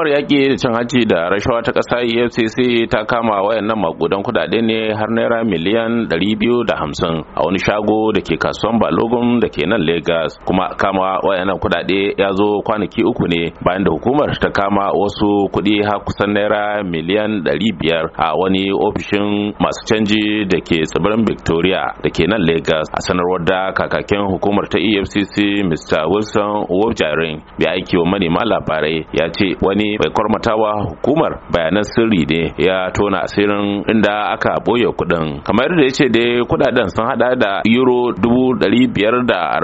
hukumar yaƙi da cin hanci da rashawa ta ƙasa efcc ta kama wayannan makudan kudade ne har naira miliyan 250 a wani shago da ke kasuwan balogun da ke nan lagos kuma kama wayannan kudade ya zo kwanaki uku ne bayan da hukumar ta kama wasu kuɗi har kusan naira miliyan 500 a wani ofishin masu canji da ke tsibirin victoria da ke nan lagos a sanarwar da kakakin hukumar ta efcc mr wilson wobjarin ya aiki wa manema labarai ya ce wani Bai mai kwarmatawa hukumar bayanan sirri ne ya tona asirin inda aka boye kuɗin kamar da ya ce dai kudaden sun hada da euro dubu biyar da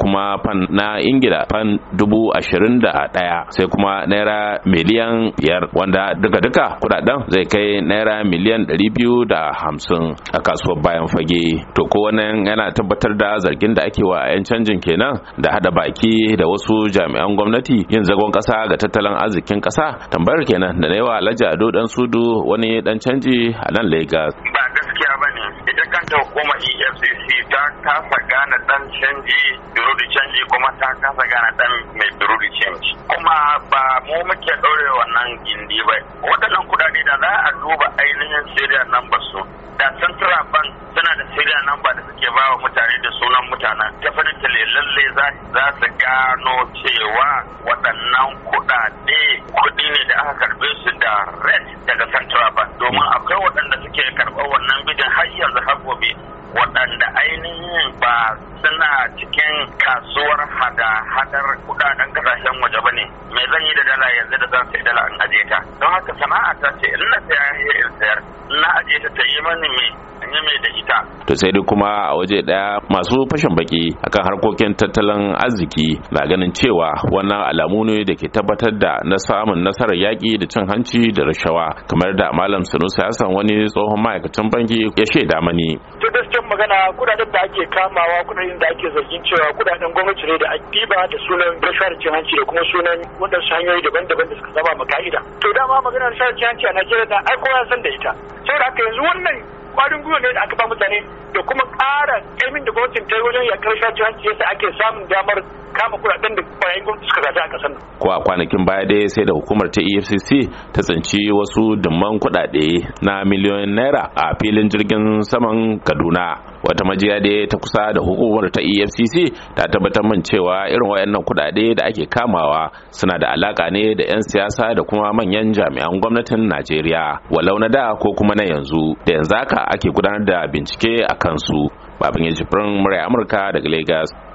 kuma fan na ingila fan dubu sai kuma naira miliyan biyar wanda duka-duka kudaden zai kai naira miliyan 250 a kasuwar bayan fage to ko wannan yana tabbatar da zargin da ake wa 'yan canjin kenan da hada baki da wasu jami'an gwamnati yin zagon kasa ga tattalin arzikin kasa tambayar kenan da naiwa alhaji ado dan sudu wani dan canji a nan lagos ba gaskiya ba ne ita kanta hukumar efcc ta kasa gane dan canji birudi canji kuma ta kasa gane dan mai birudi canji kuma ba mu muke ɗaure wannan gindi ba waɗannan kuɗaɗe da za a duba ainihin nan ba su da central bida nan ba da suke ba wa mutane da sunan mutanen ta ne lalle za su gano cewa waɗannan kuɗaɗe kuɗi ne da aka karɓe su da red daga central bank domin akwai waɗanda suke karɓar wannan bidin har yanzu har gobe waɗanda ainihin ba suna cikin kasuwar hada-hadar kudaden kasashen waje ba ne mai zan yi da dala yanzu da zan yi dala an ajiye ta don haka sana'a ta ce in na to sai dai kuma a waje daya masu fashin baki akan harkokin tattalin arziki na ganin cewa wannan alamu ne da ke tabbatar da na samun nasarar yaki da cin hanci da rashawa kamar da malam sanusi hassan wani tsohon ma'aikacin banki ya shaida mani gaskiyar magana kudaden da ake kamawa kudaden da ake zargin cewa kudaden gwamnati ne da akiba da sunan rashawar cin hanci da kuma sunan su hanyoyi daban-daban da suka zaba maka'ida ka'ida to dama maganar rashawar cin hanci a najeriya ai kowa san da ita saboda haka yanzu wannan kwarin gwiwa ne da aka ba mutane da kuma ƙara ƙarfin da gwamnatin ta yi wajen yakar shaci hanci yasa ake samun damar kama kuɗaɗen da bayan gwamnati suka zaɓi a ƙasar nan. Ko a kwanakin baya dai sai da hukumar ta EFCC ta tsinci wasu dumman kuɗaɗe na miliyoyin naira a filin jirgin saman Kaduna. Wata majiya dai ta kusa da hukumar ta EFCC ta tabbatar min cewa irin wayannan kuɗaɗe da ake kamawa suna da alaka ne da 'yan siyasa da kuma manyan jami'an gwamnatin Najeriya walau na da ko kuma na yanzu da yanzu haka ake gudanar da bincike a kansu babin ya jibrin murai amurka daga lagos